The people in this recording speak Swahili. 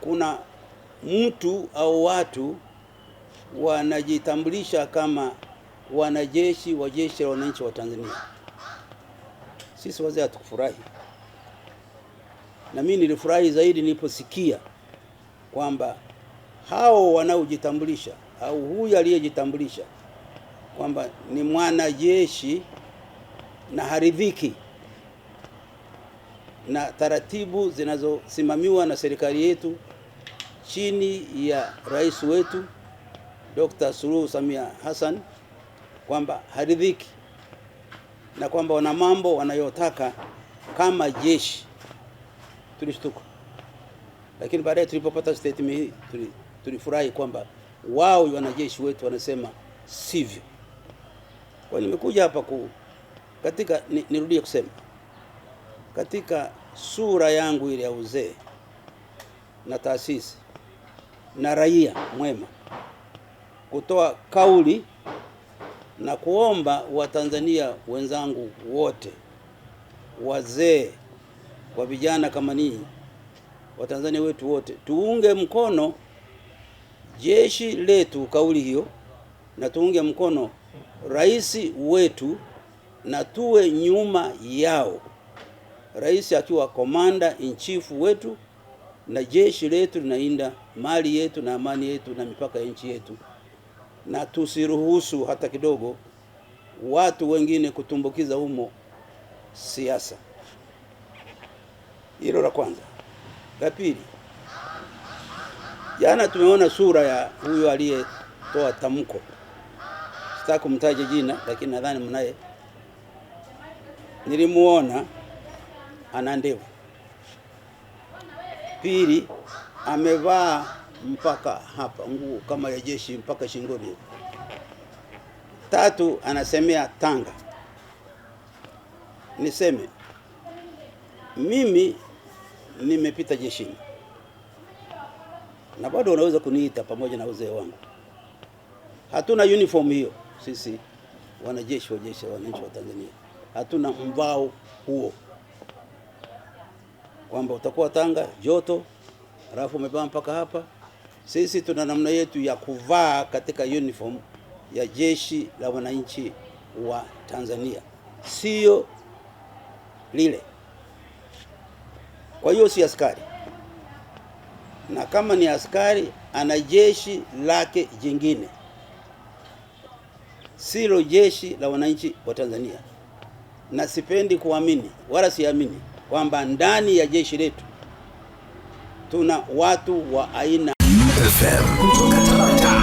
kuna mtu au watu wanajitambulisha kama wanajeshi wa jeshi la wananchi wa Tanzania. Sisi wazee hatukufurahi, na mimi nilifurahi zaidi niliposikia kwamba hao wanaojitambulisha au huyu aliyejitambulisha kwamba ni mwanajeshi na haridhiki na taratibu zinazosimamiwa na serikali yetu chini ya rais wetu Dr. Suluhu Samia Hassan kwamba haridhiki na kwamba wana mambo wanayotaka kama jeshi. Tulishtuka, lakini baadaye tulipopata statement hii tulifurahi kwamba wao wanajeshi wetu wanasema sivyo. Kwa nimekuja hapa ku katika nirudie kusema katika sura yangu ile ya uzee na taasisi na raia mwema, kutoa kauli na kuomba Watanzania wenzangu wote, wazee kwa vijana kama ninyi, Watanzania wetu wote tuunge mkono jeshi letu, kauli hiyo, na tuunge mkono rais wetu na tuwe nyuma yao rais akiwa komanda in chief wetu na jeshi letu linainda mali yetu na amani yetu na mipaka ya nchi yetu, na tusiruhusu hata kidogo watu wengine kutumbukiza humo siasa. Hilo la kwanza. La pili, jana tumeona sura ya huyo aliyetoa tamko, sitaki kumtaja jina, lakini nadhani mnaye, nilimuona ana ndevu. Pili, amevaa mpaka hapa nguo kama ya jeshi mpaka shingoni. Tatu, anasemea Tanga. Niseme mimi nimepita jeshini na bado unaweza kuniita pamoja na uzee wangu. Hatuna uniform hiyo sisi wanajeshi wa jeshi la wananchi wa Tanzania, hatuna mvao huo kwamba utakuwa Tanga joto, alafu umevaa mpaka hapa. Sisi tuna namna yetu ya kuvaa katika uniform ya jeshi la wananchi wa Tanzania, sio lile. Kwa hiyo si askari, na kama ni askari ana jeshi lake jingine, silo jeshi la wananchi wa Tanzania, na sipendi kuamini wala siamini kwamba ndani ya jeshi letu tuna watu wa aina FM kutoka Tanzania.